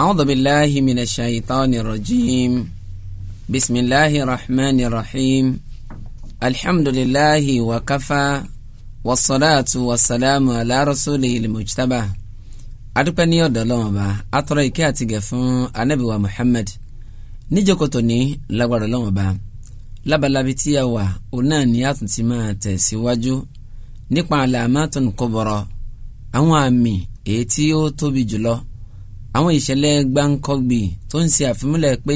أعوذ بالله من الشيطان الرجيم بسم الله الرحمن الرحيم الحمد لله وكفى والصلاة والسلام على رسوله المجتبى adúpẹ́ ní ọ̀dọ̀ Ọlọ́run Ọba atọ́rọ ìkẹ́ àti gẹ̀ fún Ànábì wa Muhammad níjókòtò ní lágbára Ọlọ́run Ọba lábalábi tí a wà òun náà ní àtúntì máa tẹ̀síwájú nípa àlàmátùn kúbúrà àwọn àmì èyí tí ó tóbi jùlọ àwọn ìṣẹ̀lẹ̀ gbáǹkọ́gbì tó ń ṣe àfimúlẹ̀ pé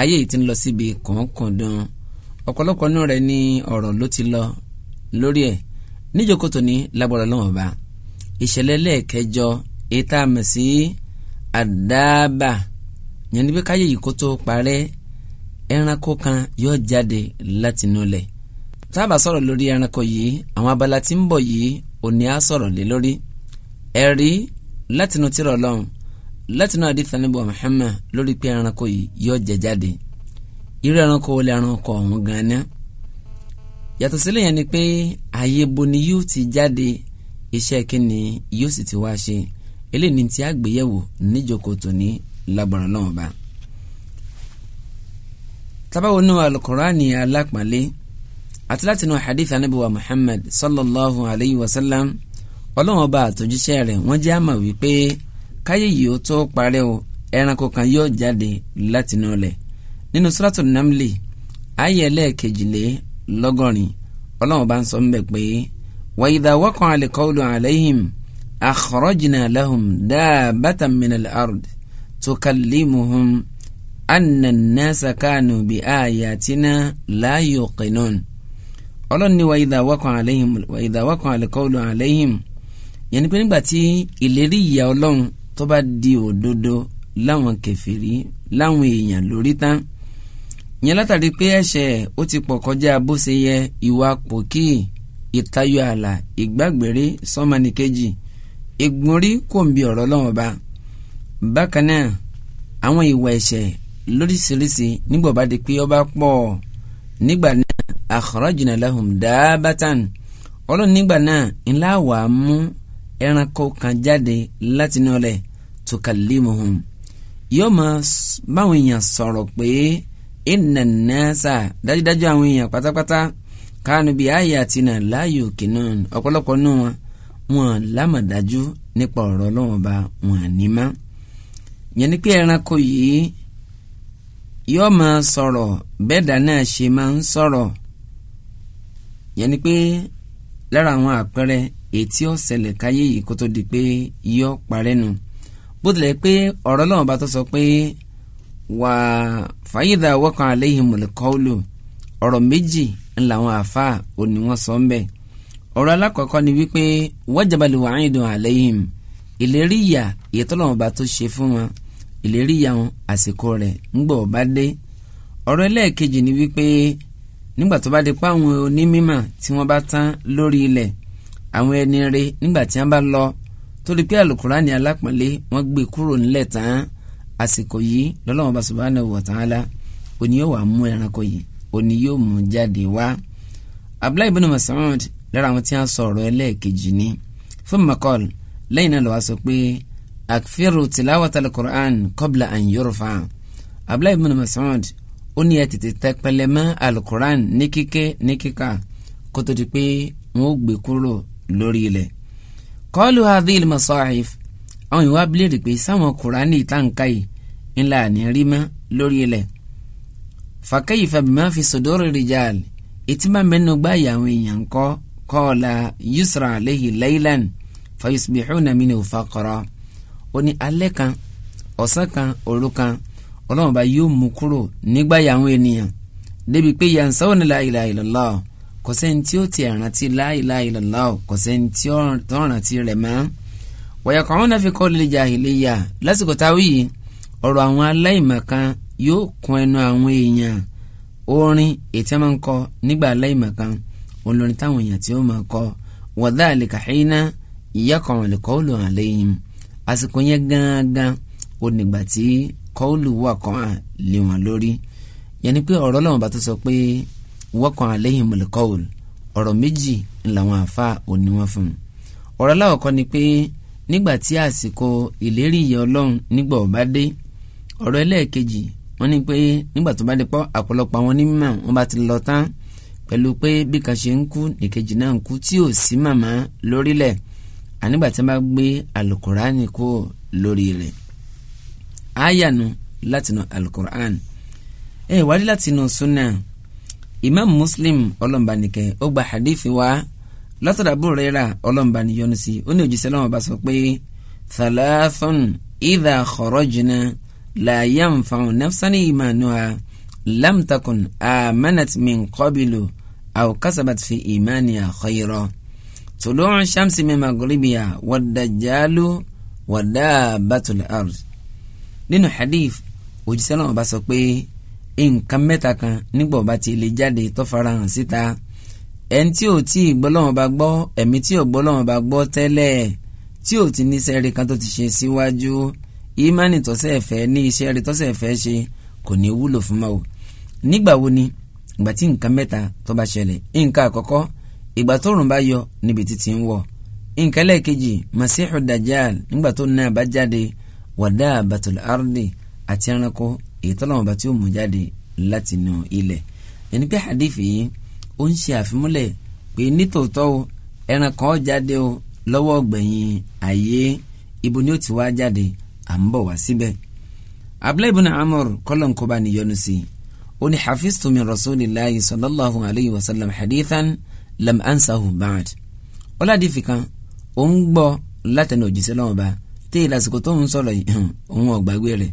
ayé yìí ti ń lọ síbi kọ̀ọ̀kọ̀dán ọ̀pọ̀lọpọ̀ nínú rẹ̀ ní ọ̀rọ̀ ló ti lọ lórí ẹ̀ níjókòó tòní lágbára lọ́wọ́ bá ìṣẹ̀lẹ̀ lẹ́ẹ̀kẹjọ èyí tá sí àdáàbà yẹn ni pé káyé yìí kó tó parẹ́ ẹranko kan yóò jáde láti nulẹ̀ tá a bá sọ̀rọ̀ lórí ẹranko yìí àwọn abala tí ń bọ̀ yìí òní á sọ̀rọ̀ lé lórí ẹ̀rí látinú tìrọ̀ ọlọ́run láti náà di tani bọ̀ Muhammad lórí pé ẹranko yìí yọ jẹ jáde irú ẹranko wọlé ẹranko ọ̀hún gan-an yàtọ̀ sílẹ̀ yẹn ni pé ààyè bo ni yóò ti jáde iṣẹ́ kínní yóò sì ti wá ṣe eléyìí ti àgbéyẹ̀wò níjókòó tòní lágbára lọ́wọ́n bá. tábàwọ̀ nù alukurani alápàlẹ́ àti láti nù hadith anabiwa Muhammad sallallahu alayhi wa sallam ọlọ́wọ́n bá àtòjíṣẹ́ rẹ̀ wọ́n jẹ́ àmà wípé káyé yìí ó tó parẹ́ o ẹranko kan yóò jáde látinú ilẹ̀ nínú Suratul Namli ayé ẹlẹ́ẹ̀kejìlélọ́gọ́rin ọlọ́run bá ń sọ mbẹ́ pé wa idha waqa'a al-qawlu alayhim akhrajna lahum dabbatan min al-ard tukallimuhum anna an-nasa kanu bi ayatina la yuqinun ọlọ́run ní wa idha waqa'a alayhim yẹn ni pé nígbà tí ìlérí ìyà ọlọ́run tó bá di òdodo láwọn kẹfìrí láwọn èèyàn lórí tán yẹn látàrí pé ẹ̀ṣẹ̀ ó ti pọ̀ kọjá bó ṣe yẹ ìwà pòkì ìtayọ ààlà ìgbàgbére sọmọnìkejì ìgbónrí kò ń bi ọ̀rọ̀ lọ́wọ́n ba bákan náà àwọn ìwà ẹ̀ṣẹ̀ lóríṣiríṣi nígbà bá di pé ọba pọ̀ nígbà náà akhrajna lahum dábàtàn ọlọ́run nígbà náà ńlá wàá mú ẹranko kan jáde látinú ọlẹ́ẹ̀ tukallimuhum yóò máa báwọn èèyàn sọ̀rọ̀ pé inna nasa dájúdájú àwọn èèyàn pátápátá kánú bíi ayatina láàyò kìnnìún ọ̀pọ̀lọpọ̀ nù wọn wọn lámàdájú nípa ọ̀rọ̀ ọlọ́wọ́n ba wọn ní má yẹn ni pé ẹranko yìí yóò máa sọ̀rọ̀ bẹ́ẹ̀dá náà ṣe máa ń sọ̀rọ̀ yẹn ni pé lára àwọn àpẹẹrẹ ètí ọ̀sẹ̀lẹ̀ káyé yìí kó tó di pé yóò parẹ́ nù. No bó tilẹ̀ pé ọ̀rọ̀ náà bá tó sọ pé wà fàyídà wọ́kàn àléhìn mọ̀lẹ́kọ́ọ́lù ọ̀rọ̀ méjì ńlá àwọn àfa òní wọn sọ ń bẹ̀ ọ̀rọ̀ alákọ̀ọ́kọ́ ni wípé wà dùn àléhìn ìlérí ìyà tó ṣe fún wọn ìlérí ìyà wọn àsìkò rẹ̀ ńgbọ̀ dé ọ̀rọ̀ ẹlẹ́ẹ̀kejì ni wípé nígbà tó bá di wọ́n bá tán lórí torí pé alukurani alápọ̀nlé wọ́n gbé kúrò nílẹ̀ tán àsìkò yìí lọ́lọ́wọ́n bá subhanahu wa ta'ala òní yóò wà mú ẹranko yìí òní yóò mú jáde wá. abdullahi ibn Mas'ud lára àwọn tí wọ́n sọ ẹlẹ́ẹ̀kejì ni fún makol lẹ́yìn náà lọ́wọ́ sọ pé akfiru tilawata alukur'an qabla an yurfa abdullahi ibn Mas'ud ó ní ẹ tètè tẹ pẹlẹmọ́ alukur'an ní kíké ní kíkà kó di pé wọ́n ó gbé kúrò lórí ilẹ̀ kọ́ọ̀lù hadhil masahif àwọn ìwà bílẹ̀rì pé sáwọn kùránì táǹkà yìí ńlá ní rí mọ́ lórí ilẹ̀ fàkẹ́yìfà bímá fi sòdóró rìjàl ètí máa mẹ́nu gbá ìyàwó èèyàn kọ́ kọ́ọ̀là yusra aleyhi laylan fayusbihuna minhu faqara ó ní alẹ́ kan ọ̀sán kan òru kan ọlọ́run bá yóò mú kúrò nígbà ìyàwó ènìyàn débi pé yansawo ni la ilaha illallah kò sẹ́ni tí ó tiẹ̀ rántí la ilaha illallah kò sẹ́ni tí ó rántí rẹ̀ mọ́. wọ̀yọ̀kọ̀ àwọn náà fi kọ́ lè jahiliyya lásìkò táwí yìí ọ̀rọ̀ àwọn aláìmọ̀kan yóò kún ẹnu àwọn èèyàn orin ètí máa ń kọ nígbà aláìmọ̀kan olórin táwọn èèyàn tí ó máa kọ wa dhalika hina yaqa'u al-qawlu alayhim àsìkò yẹn gángan onígbà tí kọ́ọ̀lù wà kàn án lé wọn lórí yẹn ni pé ọ̀rọ̀ lọ́wọ́n bá tó sọ pé wọ́kàn àlẹ́yìn mọ̀lẹ́kọ́ọ̀lù ọ̀rọ̀ méjì làwọn àfa òní wọn fún un ọ̀rọ̀ aláwọ̀kọ́ ni pé nígbà tí àsìkò ìlérí ìyà ọlọ́run nígbà ọ̀bá dé ọ̀rọ̀ ẹlẹ́ẹ̀kejì wọ́n ní pé nígbà tó bá dé pọ́ àpọ̀lọpọ̀ àwọn onímọ̀ wọn bá ti lọ tán pẹ̀lú pé bí kan ṣe ń kú nìkejì náà ń kú tí ò sí màmá lórílẹ̀ ànígbà tí wọ́n bá gbé alukurani kó lórí rẹ̀ áyànú látinú alukurani ẹ̀ wá látinú sunnah imam muslim ọlọ́mbanìkẹ́ ó gba hadith wa látọ̀dọ̀ Abu Hurairah ọlọ́mbanìyọ́nu sí ó ní òjíṣẹ́ lọ́wọ́ bá sọ pé thalathun idha kharajna la yanfa'u nafsan imanuha lam takun amanat min qabilu aw kasabat fi imaniha khayra tulu'u shamsi min maghribiha wad-dajjalu wa dabbatul ard nínú hadith òjíṣẹ́ lọ́wọ́ bá sọ pé nǹkan mẹ́ta kan nígbà ọba tí lè jáde tó farahàn síta ẹni tí ò tí ì gbọ́lọ́wọ́n bá gbọ́ ẹ̀mí tí ò gbọ́lọ́wọ́n bá gbọ́ tẹ́lẹ̀ tí ò ti ní sẹ́ẹ̀rì kan tó ti ṣe síwájú ìmánì tọ́sẹ̀ ẹ̀fẹ́ ní iṣẹ́ rẹ̀ tọ́sẹ̀ ẹ̀fẹ́ ṣe kò ní wúlò fún ma o nígbà wo ni ìgbà tí nǹkan mẹ́ta tó bá ṣẹlẹ̀ nǹkan àkọ́kọ́ ìgbà tóòrùn bá yọ níbi títí ń wọ̀ nǹkan lẹ́ẹ̀kejì masihu dajjal nígbà tó náà bá wàdà batul ardi àti ẹranko èyí tọ́lọ́wọ́n bá tí ó mú jáde láti inú ilẹ̀ ẹni pé hadithi yìí ó ń ṣe àfimúlẹ̀ pé nítòótọ́ o ẹran kan jáde o lọ́wọ́ gbẹ̀yìn ayé ibo ni ó ti wá jáde à ń bọ̀ wá síbẹ̀ abdullahi ibn amur kọ́lọ́nkọ́ba níyọnu sí i ó ní hafiztu min rasulillahi sallallahu alayhi wa sallam hadithan lam ansahu ba'd ọládìí fìkan ó ń gbọ́ látẹnu òjíṣẹ́ lọ́wọ́ bá téè lásìkò tó ń sọ̀rọ̀ yìí òun ò gbàgbé rẹ̀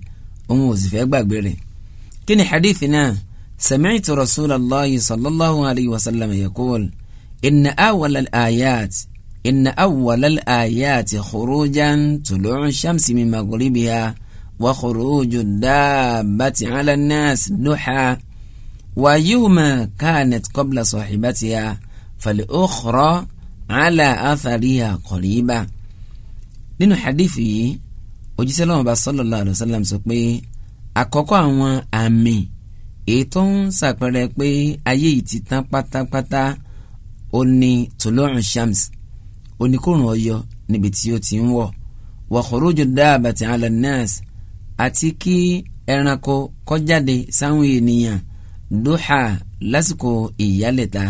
òun ò sì fẹ́ gbàgbé rẹ̀ kí ni hadith náà sami'tu rasulallahi sallallahu alayhi wa sallam yaqul inna awwalal ayat inna awwalal ayat khurujan tulu'u shamsi min maghribiha wa khuruju daabati ala nas duha wa yuma kanat qabla sahibatiha fal ukhra ala athariha qariba nínú yìí òjíṣẹ́ lọ́wọ́ bá sallallahu alaihi wasallam sọ pé àkọ́kọ́ àwọn àmì èyí tó ń ṣàpẹẹrẹ pé ayé yìí ti tán pátápátá ó ní tòlóòrùn shams oníkórùn ọyọ níbi tí ó ti ń wọ̀ wa khuruju daabati ala nnas àti kí ẹranko kó jáde sáwọn ènìyàn duha lásìkò ìyálẹ̀ta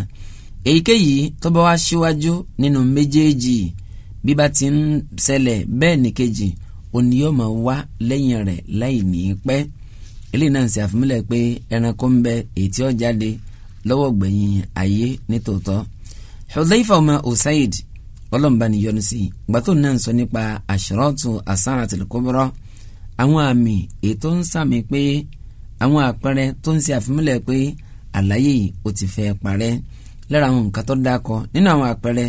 èyíkéyìí tó bá wá síwájú nínú méjèèjì bí bá ti ń ṣẹlẹ̀ bẹ́ẹ̀ nìkejì òní yóò máa wá lẹ́yìn rẹ̀ láì ní í pẹ́ eléyìí náà ṣe àfimúlẹ̀ pé ẹranko ń bẹ ètí ó lọ́wọ́ gbẹ̀yìn ayé nítòótọ́ Hudhaifa ọmọ Usaid ọlọ́mùbá ni yọ́nú sí ìgbà tó náà ń sọ nípa àṣírọ́tù àsáratil kubra àwọn àmì ètò ń sàmì pé àwọn àpẹẹrẹ tó ń ṣe àfimúlẹ̀ pé àlàyé yìí ó ti fẹ́ parẹ́ lára àwọn nǹkan tó dákọ nínú àwọn àpẹẹrẹ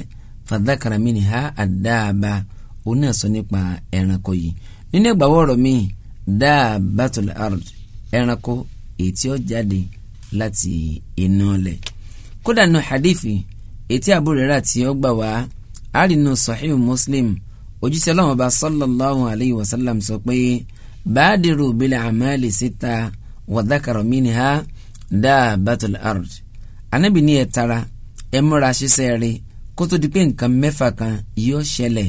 fadhakara minha àdáàbà òun náà sọ nípa ẹranko yìí nínú ìgbàwọ́ ọ̀rọ̀ mi dabbatul ard ẹranko ètí ó jáde láti inú ọlẹ̀ kódà nù hadithi ètí Abu Huraira tí ó gbà wá àrínú Sahih Muslim ojúṣe ọlọ́run ọba sallallahu alayhi wa sallam sọ pé báàdìrú bil a'mali síta wa dhakara minha dabbatul ard anábì ní ẹ̀ tara ẹ̀ múra ṣiṣẹ́ rí kó tó di pé nǹkan mẹ́fà kan yóò ṣẹlẹ̀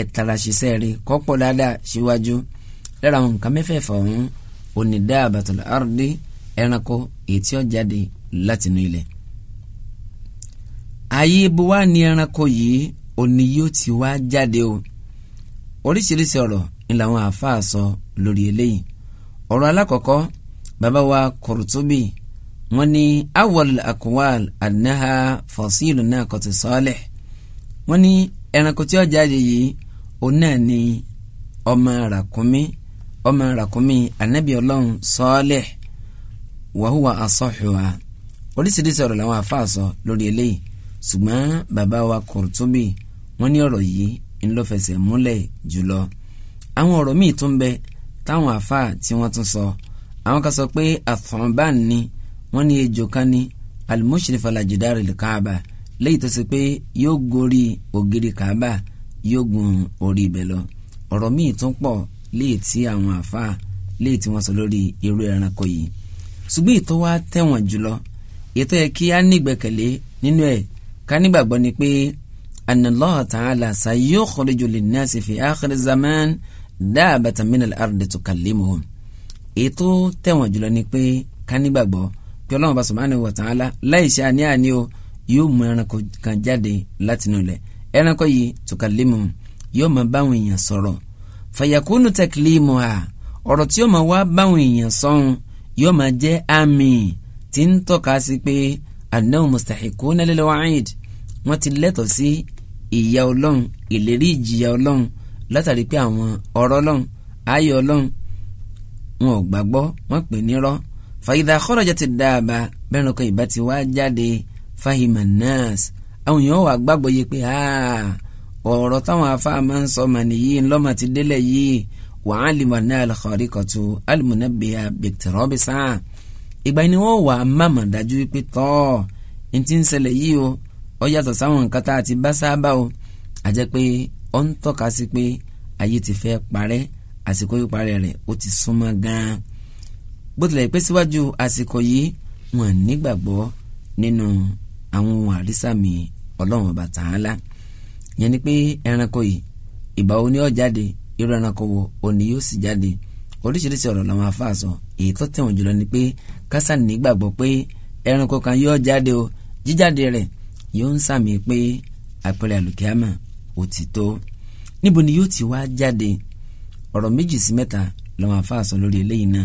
ẹ̀ tara ṣiṣẹ́ rí kọ́pọ̀ dáadáa síwájú lára àwọn nǹkan mẹ́fẹ̀ẹ̀fà ọ̀hún onídà àbàtàlà àrùdí ẹranko ètí ọ̀jáde látinú ilẹ̀. ayé ibo wá ẹranko yìí òní yóò ti wá jáde o oríṣiríṣi ọ̀rọ̀ ni làwọn àáfàá sọ lórí eléyìí ọ̀rọ̀ alákọ̀ọ́kọ́ bàbá wa Qurtubi wọ́n ní awal akwal anaha fasilu náà kò ti sọ́ọ́lẹ̀ wọ́n ní ẹranko tí ó yìí òun náà ni ọmọ ràkúnmí ọmọ ràkúnmí anabi ọlọ́run sọ́ọ́lẹ̀ wàhùwà asọ́hùwà oríṣiríṣi ọ̀rọ̀ làwọn àfáà sọ lórí eléyìí ṣùgbọ́n bàbá wa Kurtubi wọ́n ní ọ̀rọ̀ yìí ńlọ́fẹsẹ̀ múlẹ̀ jùlọ àwọn ọ̀rọ̀ míì tún bẹ táwọn àfáà tí wọ́n tún sọ àwọn kan sọ pé àfọ̀nbán ni wọ́n ní ejò kan ní alimushrif kaaba léyìí tó ṣe pé yóò gorí ògiri kaaba yóò gun orí ibẹ̀ lọ ọ̀rọ̀ míì tún pọ̀ léè tí àwọn àfáà léè tí wọ́n sọ lórí irú ẹranko yìí ṣùgbọ́n ìtọ́ wa tẹ̀wọ̀n jùlọ ètò yẹ kí á nígbẹ̀kẹ̀lé nínú ẹ̀ ká nígbàgbọ́ ni pé anallahu ta'ala sayukhriju linnasi fi akhir zaman daabatan minal ardi tukallimuhum ètò tẹ̀wọ̀n jùlọ ni pé ká nígbàgbọ́ pé Ọlọ́run bá subhanahu wa ta'ala láìsí àní àní o yóò mú ẹranko kan jáde látinú ilẹ̀ ẹranko yìí tùkàlímù yóò máa báwọn èèyàn sọ̀rọ̀ fàyàkúnù tẹkílímù ha ọ̀rọ̀ tí yóò máa wá báwọn èèyàn sọ̀hún yóò máa jẹ́ àmì tí ń tọ́ka sí pé anahu mustahikuna lil wa'id wọ́n ti lẹ́tọ̀ọ́ sí ìyà ọlọ́run ìlérí ìjìyà ọlọ́run látàrí pé àwọn ọ̀rọ̀ ọlọ́run ayọ̀ ọlọ́run wọn ò gbàgbọ́ wọ́n pè nírọ́ fàyídà kọ́rọ̀jà ti dáàbà bẹ́ẹ̀ ni ọkọ̀ ìbá ti wá jáde fahima àwọn èèyàn wà gbàgbọ́ yìí pé ọ̀rọ̀ táwọn afá máa ń sọ mà nìyí ńlọ́mà ti délẹ̀ yìí wà á lè mọ̀ ní alùkọ́rí kọ̀tù alùmọ̀nà bíyà bìtìrọ́ bí sáà ìgbà ni wọ́n wà á màmá dájú pé tọ́ ẹ ti ń ṣẹlẹ̀ yìí o ó yàtọ̀ sáwọn nǹkan tá a ti bá sábà o àjẹ́ pé ó ń tọ́ka sí pé ayé ti fẹ́ parẹ́ àsìkò yìí parẹ́ rẹ̀ ó ti súnmọ́ gan-an bó tilẹ̀ pé síwájú àsìkò yìí wọ́n nígbàgbọ́ nínú àwọn ohun àrísàmì ọlọ́run ọba tààlà yẹn ni pé ẹranko yìí ìgbà wo ni ó jáde irú ẹranko wo òní yóò sì jáde oríṣiríṣi ọ̀rọ̀ làwọn afáà èyí tó tẹ̀wọ̀n jùlọ ni pé kásá nígbàgbọ́ pé ẹranko kan yóò jáde o jíjáde rẹ̀ yóò ń sàmì pé àpẹẹrẹ àlùkìyàmà ò ti tó níbo ni yóò ti wá jáde ọ̀rọ̀ méjì sí mẹ́ta làwọn afáà lórí eléyìí náà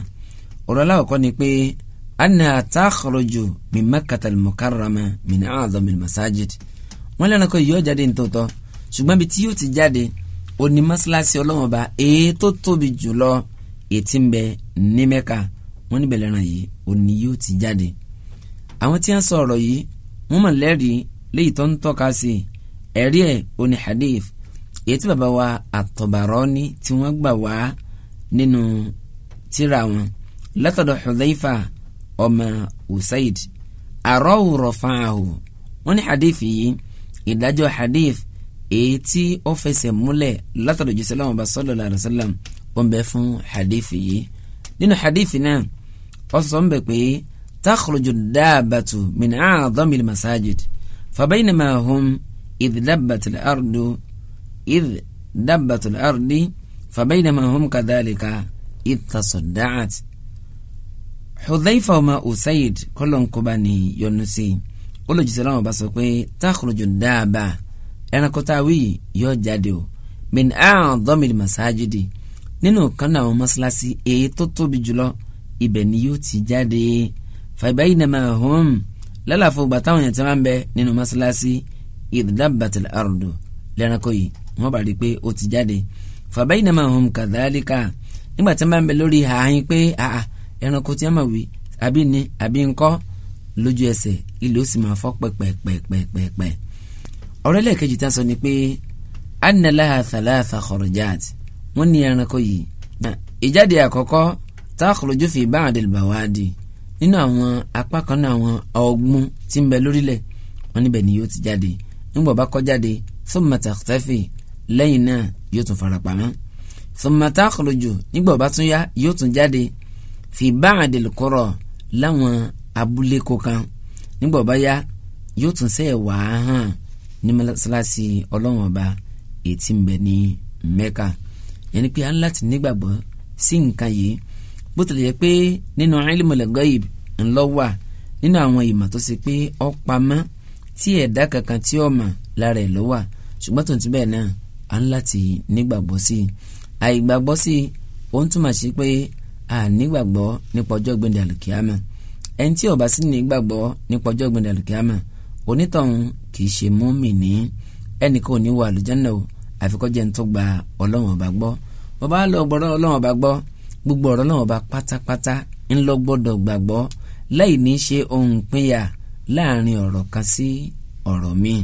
ọ̀rọ̀ aláwọ̀kọ́ ni pé anna takhruju min makkata al-mukarrama min a'zami al-masajid wọ́n lẹ́nu kọ́ yóò jáde nítòótọ́ ṣùgbọ́n bí tí yóò ti jáde òní mọ́ṣáláṣí ọlọ́wọ́n bá èyí tó tóbi jùlọ ètí ń bẹ ní mẹ́ka wọ́n níbẹ̀ lẹ́ràn yìí òní yóò ti jáde àwọn tí wọ́n sọ ọ̀rọ̀ yìí wọ́n mọ̀ lẹ́rìí léyìí tó ń tọ́ka sí ẹ̀rí ẹ̀ òní hadith èyí bàbá wa àtọ̀bàrọ́ni tí wọ́n gbà wá nínú tírà wọn látọ̀dọ̀ Hudhayfa ọmọ usaid àrọ́wù rọ̀fàáhù wọ́n ní hadith yìí ìdájọ́ hadith èyí tí ó fẹsẹ̀ múlẹ̀ látọ̀dọ̀ jùsọ̀lá wọn bá sọ́dọ̀ lára sọ́lá wọn bẹ fún hadith yìí nínú hadith náà ó sọ ń bẹ pé takhruju dáàbàtù min a'dhamil masajid fabaynama hum idh dabbatil ardu idh dabbatil ardi fabaynama hum Hudhaifa ọmọ Usaid kọlọ̀nkọba ni yọnu sí i olùjíṣẹ́ láwọn bá sọ pé táàkùrọ̀jù dáàbà ẹranko tá a wí yóò jáde o min ahan dọ́mìl masajidi nínú kan náà àwọn mọ́ṣáláṣí èyí tó tóbi jùlọ ibẹ̀ ni yóò ti jáde fàbáyé nàmà hóm lálàfo bàtà òyìn tí wọ́n bẹ nínú mọ́ṣáláṣí ìdábàtìlẹ̀ àrùndò lẹ́ranko yìí wọ́n bá rí i pé ó ti jáde fàbáyé nàmà hóm kàdálíkà nígbà tí wọ́n bá bẹ lórí ààyè pé àà ẹranko tí a máa wí àbí ni àbí nkọ́ lójú ẹsẹ̀ ilé ó sì máa fọ́ pẹ̀pẹ̀pẹ̀pẹ̀pẹ̀. ọ̀rọ̀ ẹlẹ́ẹ̀kejì tá a sọ ni pé analaha thalatha kọ̀rọ̀jáàt wọ́n ní ẹranko yìí. ìjáde àkọ́kọ́ tá a kọ̀rọ̀jú fi bá àdèlè bá wá di nínú àwọn apá kan náà àwọn ọgbọ́n tí ń bẹ lórílẹ̀ wọ́n níbẹ̀ ni yóò ti jáde nígbà bá kọ́ jáde thumma takhtafi lẹ́yìn náà yóò tún farapamọ́ thumma takhruju nígbà bá tún yá yóò tún jáde fi báàdìl kọ́rọ̀ láwọn abúlé kọ̀ọ̀kan nígbà báyá yóò tún sẹ́ẹ̀ wá hàn ní mọ́sálásí ọlọ́run ọba ètí ń bẹ ní mẹ́ka yẹnni pé a ń láti nígbàgbọ́ sí nǹkan yìí bó tilẹ̀ yẹ pé nínú ilmul ghaib ńlọ́wà nínú àwọn ìmọ̀ tó ṣe pé ó pamọ́ tí ẹ̀dá kankan tí ó mọ̀ lára ẹ̀ lọ́wà ṣùgbọ́n tó ń ti bẹ́ẹ̀ náà a láti nígbàgbọ́ sí i àìgbàgbọ́ sí i ó ń túmọ̀ sí pé ànígbàgbọ́ nípa ọjọ́ gbẹ̀ndẹ̀ àlùkìyàmọ̀ ẹni tí ó bá sì nígbàgbọ́ nípa ọjọ́ gbẹ̀ndẹ̀ àlùkìyàmọ̀ onítọ̀hún kìí ṣe mùmínì ẹnìkan ò ní wọ àlùjánnà o àfikọ́jẹ́ ń tó gba ọlọ́run ọba gbọ́ bàbá lọ gbọ́rọ́ ọlọ́run ọba gbọ́ gbogbo ọ̀rọ̀ ọlọ́run ọba pátápátá ńlọ gbọ́dọ̀ gbàgbọ́ láì ní ṣe ohun pínyà láàrin ọ̀rọ̀ kan sí ọ̀rọ̀ míì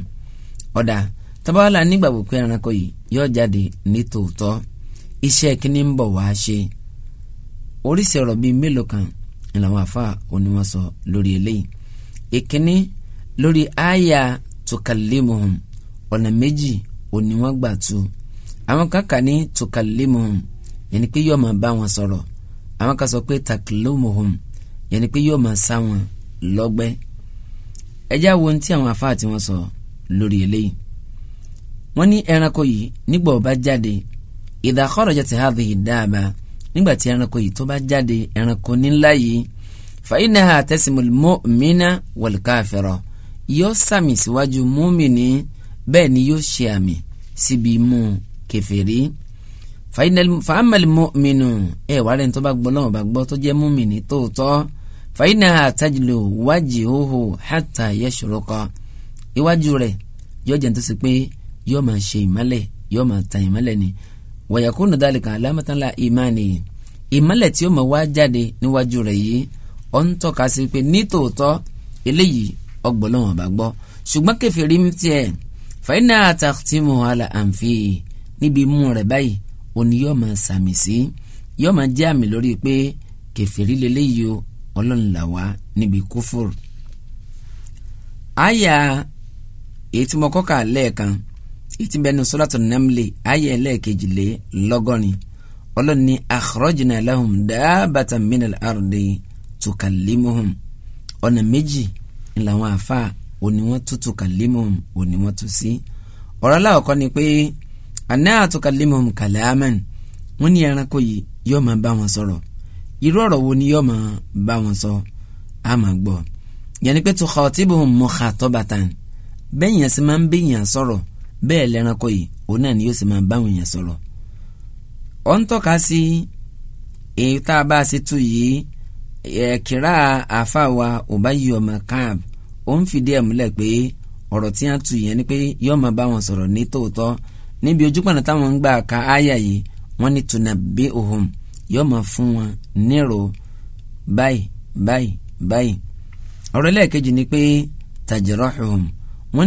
ọ̀dà tábàlà nígbàgbọ́ pé ẹranko yìí yóò jáde nítòótọ́ iṣẹ́ kínní ń bọ̀ wá ṣe oríṣi ọ̀rọ̀ bíi mélòó kan ni làwọn àfa oníwọ̀n sọ lórí eléyìí ìkíní lórí àyà tukalimuhum ọ̀nà méjì oníwọ̀n gbà tu àwọn kan kà ní tukalimuhum yẹn ni pé yóò máa bá wọn sọ̀rọ̀ àwọn kan sọ pé takilumuhum yẹn ni pé yóò máa sá wọn lọ́gbẹ́ ẹjẹ́ àwọn ohun àwọn àfa àti wọn sọ lórí eléyìí wọ́n ní ẹranko yìí nígbà ó bá jáde ìdá khorajat hadhihi dáàbà nígbà tí ẹranko yìí tó bá jáde ẹranko nílá yìí fàyínà àtẹ̀símù mọ́mìnà wọ̀lùkàfẹ́rọ̀ yóò sàmì síwájú mọ́mìnì bẹ́ẹ̀ ni yóò ṣe àmì síbi imú kẹfẹ́rí fàámàlì mọ́mìnù ẹ̀ wà rẹ̀ ní tó bá gbọ́ náà bá gbọ́ tó jẹ́ mọ́mìnì tóòtọ́ fàyínà àtàjùlò wájì hóhó hàtà yẹ́sùrùkọ iwájú rẹ̀ yóò jẹ́ tó pé yóò máa ṣe ìmọ́lẹ̀ yóò máa ta ìmọ́lẹ̀ ni wọ̀yàkúnù dálìkà alámọ̀tánlá ìmánì ìmọ̀lẹ̀ tí ó mọ̀ wá jáde níwájú rẹ̀ yìí ọ̀ ń tọ́ka sí pé nítòótọ́ eléyìí ọgbọ́n lọ́wọ́n bá gbọ́ ṣùgbọ́n kẹfìrí ń tiẹ̀ fàyínà àtàtìmọ̀ àlà àǹfì níbi imú rẹ̀ báyìí òní yóò máa sàmì sí yóò máa jẹ́ àmì lórí pé kẹfìrí lélẹ́yìí ọlọ́run là wá níbi kúfùrù. àyà èyí lẹ́ẹ̀kan ìtì bẹnu sọ́látù nàmlẹ̀ ayé ẹlẹ́ẹ̀kejì lé lọ́gọ́rin ọlọ́run ní akhrajna lahum dábàtàn minal ardi tukallimuhum ọ̀nà méjì làwọn àfa òní wọ́n tún tukallimuhum òní wọ́n tún sí ọ̀rọ̀ aláwọ̀kọ́ ni pé àná tukallimuhum kalaman wọ́n ní ẹranko yìí yóò máa bá wọn sọ̀rọ̀ irú ọ̀rọ̀ wo ni yóò máa bá wọn sọ bẹ́ẹ̀ lẹ́ranko yìí òun náà ni yóò sì máa báwọn èèyàn sọ̀rọ̀ ọ ń tọ́ka sí èyí tá a bá a ṣe tu yìí ẹ̀kíra àfàwà Ubayy ọmọ Ka'b ó ń fìdí ẹ̀ múlẹ̀ pé ọ̀rọ̀ tí a tu yẹn ni pé yóò máa wọn sọ̀rọ̀ ní tòótọ́ níbi ojúpọ̀nà táwọn ń gbà ka áyà yìí wọ́n ní yóò máa fún wọn nírò báyìí báyìí báyìí ọ̀rọ̀ ni pé wọ́n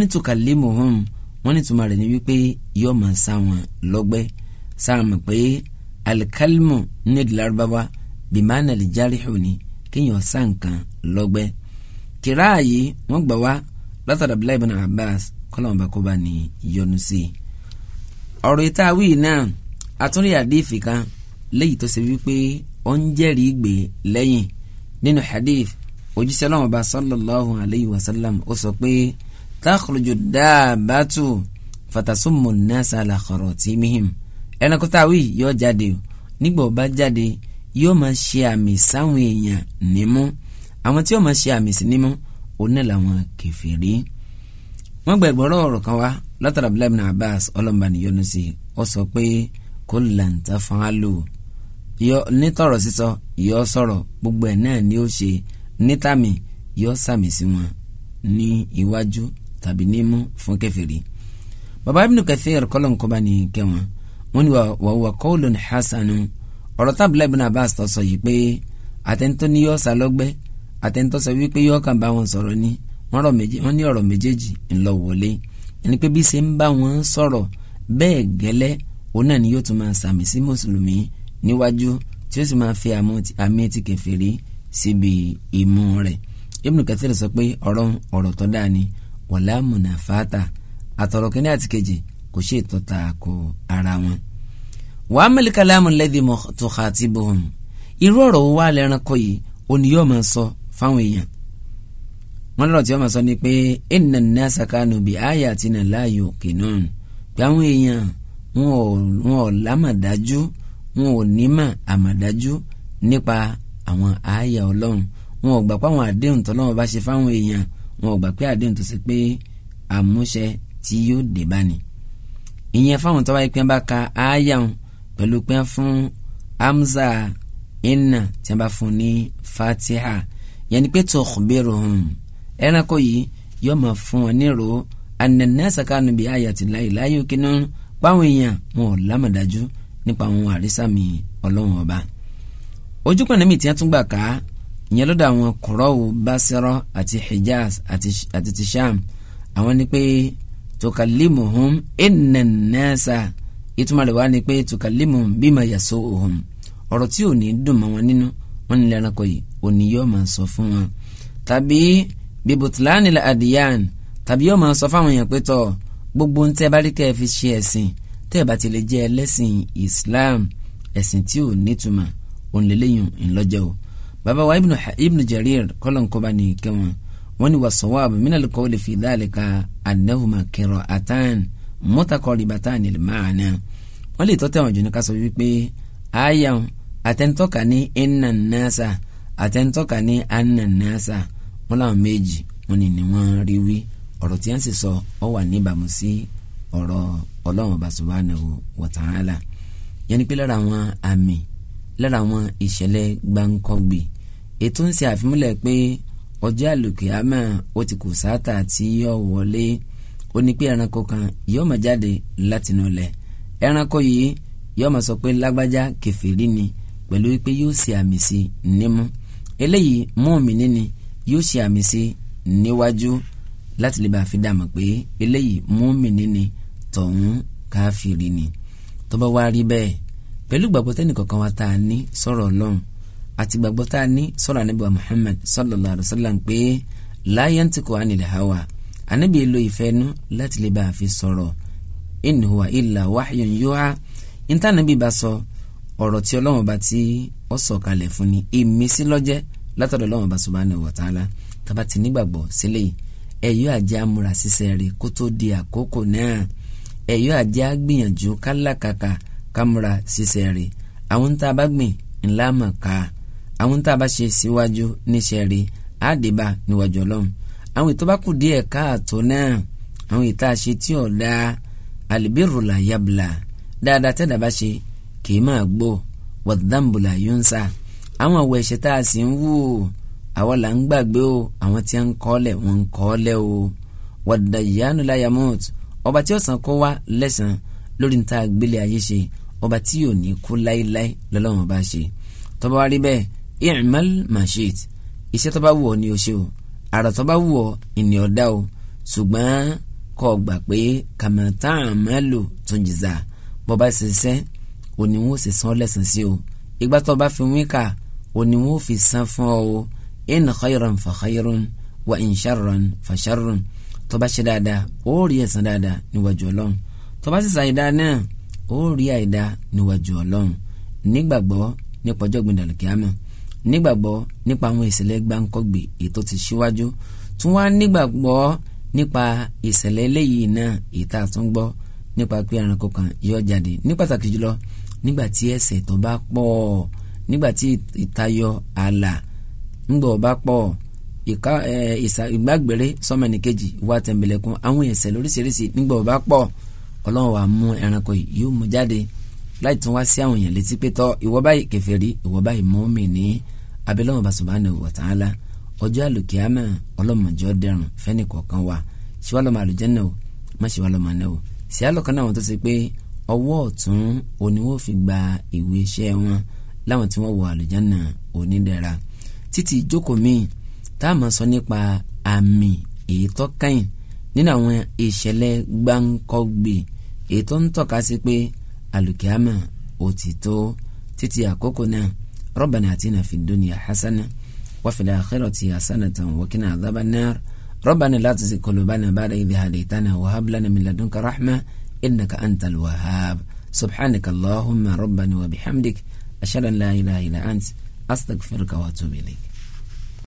ní wọ́n ní túmọ̀ rẹ̀ ni wípé yóò máa sá wọn lọ́gbẹ́ sáàmù pé alikalimu nídìí lárúbáwá bimana lè járe hù ní kéèyàn sá nǹkan lọ́gbẹ́ kìrá yìí wọ́n gbà wá látọ̀dọ̀ Abdullahi ibn Abbas kọ́lọ́mù bá kó bá ni yọnu sí i ọ̀rọ̀ ìta wíì náà àtúnrí àdéhìfì kan tó ṣe wípé ó ń jẹ́rìí gbè nínú hadith òjíṣẹ́ Ọlọ́hun bá sallallahu alayhi wa sallam ó sọ pé takhruju dáàbàtú fatasumu nasa la kharatimihim ẹranko tá a wí yóò jáde o nígbà ó bá jáde yóò máa ṣe àmì sáwọn èèyàn nímú àwọn tí yóò máa ṣe àmì sí nímú oní làwọn kẹfìrí wọn gba ìgbọ́rọ̀ ọ̀rọ̀ kan wá látara Abdullahi bin Abbas ọlọ́mọba níyọnu sí i pé kó làǹtà fún á lò yọ nítọ̀rọ̀ sísọ yọ sọ̀rọ̀ gbogbo ẹ̀ náà ni ó ṣe nítàmì yọ sàmì sí wọn ní iwájú tàbí nímú fún kèfèrí baba Ibn Kathir kọ́lọ́nkọ́ba ní kẹwọn wọn ni wà wà qawlun hasanu ọ̀rọ̀ tábìlẹ̀ Ibn Abbas tó sọ yìí pé àtẹ̀ntọ́ ni yọ́ọ́ sálọ́gbẹ́ àtẹ̀ntọ́ sọ wípé yọ́ọ́ kàn bá wọn sọ̀rọ̀ ni wọ́n ní ọ̀rọ̀ méjèèjì ńlọ wọlé ẹni pé bí ṣe ń bá wọn sọ̀rọ̀ bẹ́ẹ̀ gẹ́lẹ́ òun náà ni yóò tún máa sàmì sí mùsùlùmí níwájú tí ó sì máa fi àmì ti kèfèrí síbi ìmú rẹ̀ Ibn Kathir sọ pé ọ̀rọ̀ ọ̀rọ̀ tó dáa ni wọ̀lá mùnàfàtà fata kínní àti kejì kò ṣe ìtọ́ta kò ara wọn. wàá mẹ́lìkàlámù lẹ́dí mọ̀tòkàtìbọ̀hùn irú ọ̀rọ̀ wo wà lẹ́ranko yìí òní yóò máa sọ fáwọn èèyàn. wọ́n lọ́rọ̀ tí wọ́n máa sọ ni pé ẹ̀nà náà sàkánù bíi àyà àti nà láàyò kìnnìún pé àwọn èèyàn wọn ò lámàdájú wọn ò nímà àmàdájú nípa àwọn àyà ọlọ́run wọn ò gbà pé àdéhùn tọ́lọ́run bá ṣe fáwọn èèyàn wọn ò gbà pé àdéhùn tó ṣe pé àmúṣẹ tí yóò dé bá ni ìyẹn fáwọn tó wáyé pé wọn bá ka ááyà pẹ̀lú pé wọn fún amza ina tí wọn bá fún ní fatiha yẹn ni pé tukhbiruhum ẹranko yìí yóò máa fún wọn nírò ananasa kanu bi ayati láyé láyé òkè náà páwọn èèyàn wọn ò lámàdájú nípa àwọn àrísàmì ọlọ́wọ́n ọba ojúkọ̀ nàmi tí a tún gbà ká ìyẹn da àwọn kùrọ́wù basirọ àti hijaz àti ti sham àwọn ni pé tukalimuhum inna nasa ìtumọ̀ rẹ̀ wá ni pé tukalimuhum bima yasuhum ọ̀rọ̀ tí ò ní dùn mọ́ wọn nínú wọn nílẹ̀ ẹranko yìí òní yóò máa sọ fún wọn tàbí bibutulani la adiyan tàbí yóò máa sọ fáwọn èèyàn pé tọ gbogbo ń tẹ́ bá kẹ́ ẹ fi ṣe ẹ̀sìn tẹ́ ẹ bá ti lè jẹ́ ẹlẹ́sìn Islam ẹ̀sìn tí ò nítumọ̀ òun lè o bàbá wa ibnu ibnu jarir kọ́lọ́nkọ́ba ní kẹwọn wọn ni wasawab minal qawli fi dhalika annahuma qira'atan mutaqaribatan lil ma'na wọn lè tọ́tẹ̀ wọn jù ní ká sọ wípé àyà àtẹ̀ntọ́ka ní inna nasa àtẹ̀ntọ́ka ní anna nasa wọn làwọn méjì wọn ni ni wọn rí wí ọ̀rọ̀ tí wọ́n sì sọ ọ wà níbàámu sí ọ̀rọ̀ ọlọ́run subhanahu wa ta'ala yẹn ni pé lára àwọn àmì lára àwọn ìṣẹ̀lẹ̀ gbáǹkọ́gbì ètò ń ṣe àfimúlẹ̀ pé ọjọ́ àlùkìyámà ó ti kù sáàtà tí yóò wọlé ó ní pé ẹranko kan yóò máa jáde látinú ilẹ̀ ẹranko yìí yóò máa sọ pé lágbájá kèfèrí ni pẹ̀lú pé yóò ṣe àmì sí nímú eléyìí mùmínì ni yóò ṣe àmì sí níwájú láti lè bá a fi dààmú pé eléyìí mùmínì ni tọ̀hún káfíìrì ni tó wá rí bẹ́ẹ̀ pẹ̀lú gbàgbọ́ tẹ́nìkọ̀ọ̀kan wa tá a sọ̀rọ̀ ọlọ́run àti gbàgbọ́ tá a ní sọ̀rọ̀ ànábì wa Muhammad sallallahu alayhi wa sallam pé la yantiqu anil hawa ànábì èlò ìfẹ́nu láti lè bá a fi sọ̀rọ̀ in huwa illa wahyun yuha níta ànábì bá sọ ọ̀rọ̀ tí Ọlọ́hun bá ti ọ sọ̀kalẹ̀ fún ni ìmísí lọ́jẹ́ látọ̀dọ̀ Ọlọ́hun bá subhanahu wa ta'ala tàbá ti nígbàgbọ́ sílẹ̀ yìí ẹ̀yọ́ àjẹ́ amúra ṣiṣẹ́ rẹ̀ kó tó di àkókò náà ẹ̀yọ́ àjẹ́ agbìyànjú kálàkàkà kámúra ṣiṣẹ́ rẹ̀ àwọn tá a bá gbìn ńlá mọ̀ ká àwọn tá a bá ṣe síwájú níṣẹ́ rí àdébà níwájú ọlọ́run àwọn ètò bá kù díẹ̀ káàtó náà àwọn ètò àṣe tí ò da àlìbírùlà yabla dáadáa tẹ́lẹ̀ bá ṣe kì í máa gbó wàdàmbùlà yóò ń sá àwọn àwọ̀ ẹ̀ṣẹ̀ tá a sì ń wù àwọn là ń gbàgbé o àwọn tí ń kọ́lẹ̀ wọ́n ń kọ́lẹ̀ o wàdà ìyánu layamut ọba tí ó sàn kó wá lẹ́sàn lórí níta gbélé ayé ṣe ọba tí yóò ní kú láéláé lọ́lọ́run bá ṣe tọ́ba wá bẹ́ẹ̀ i'mal mashit iṣẹ́ tó bá wù ọ́ ni o ṣe o àrà tó bá wù ọ́ ìní ọ̀dá o ṣùgbọ́n kọ́ ọ gbà pé kàmẹ́tà àmàlò tó jìzà bọ́ bá ṣiṣẹ́ òní wọn ò sì san lẹ́sìn sí o ìgbà tó bá fi wíkà òní wọn ò fi san fún ọ o in khayran fa khayran wa in sharran fa tó bá ṣe dáadáa ó rí ẹ̀san dáadáa níwájú ọlọ́run tó bá sì ṣàìdá náà ó rí àìdá níwájú ọlọ́run nígbàgbọ́ nípa ọjọ́ gbìndàlùkìámọ̀ nígbàgbọ́ nípa àwọn ìṣẹ̀lẹ̀ gbáǹkọ́gbè ètò ti ṣíwájú tún wá nígbàgbọ́ nípa ìṣẹ̀lẹ̀ eléyìí náà ìta tún gbọ́ nípa pé ẹranko kan yọ jáde ní pàtàkì jùlọ nígbà tí ẹ̀ṣẹ̀ tó bá pọ̀ nígbà tí ìtayọ ààlà ńgbọ̀ bá pọ̀ ìka ẹ ìsà ìgbàgbére sọmọnì kejì wà tẹ̀m̀bẹ̀lẹ̀kùn àwọn ẹ̀ṣẹ̀ lóríṣiríṣi nígbà bá pọ̀ ọlọ́run wà mú ẹranko yìí yóò mú jáde láì tún wá sí àwọn èèyàn létí pé tọ́ ìwọ báyìí kèfèrí ìwọ báyìí mùmínì abẹ́lẹ́ wọn bá subhanahu wa ta'ala ọjọ́ àlùkìyàmà ọlọ́mọjọ́ dẹrùn fẹ́ni kọ̀ọ̀kan wa ṣíwálọ́mọ àlùjànnà o má ṣíwálọ́mọ náà o sí àlọ́kan náà wọn tó ṣe pé ọwọ́ ọ̀tún òní wọ́n fi gba ìwé iṣẹ́ wọn láwọn tí wọ́n wọ àlùjànnà onídẹ̀ra títí ìjókòó míì tá a máa sọ nípa àmì èyí tó nínú àwọn ìṣẹ̀lẹ̀ gbáǹkọ́gbè èyí ń tọ́ka sí pé àlùkìyàmà ó títí àkókò náà ربنا آتنا في الدنيا حسنة وفي الآخرة حسنة وكنا عذاب النار ربنا لا تزغ قلوبنا بعد إذ هديتنا وهب لنا من لدنك رحمة إنك أنت الوهاب سبحانك اللهم ربنا وبحمدك أشهد أن لا إله إلا أنت أستغفرك وأتوب إليك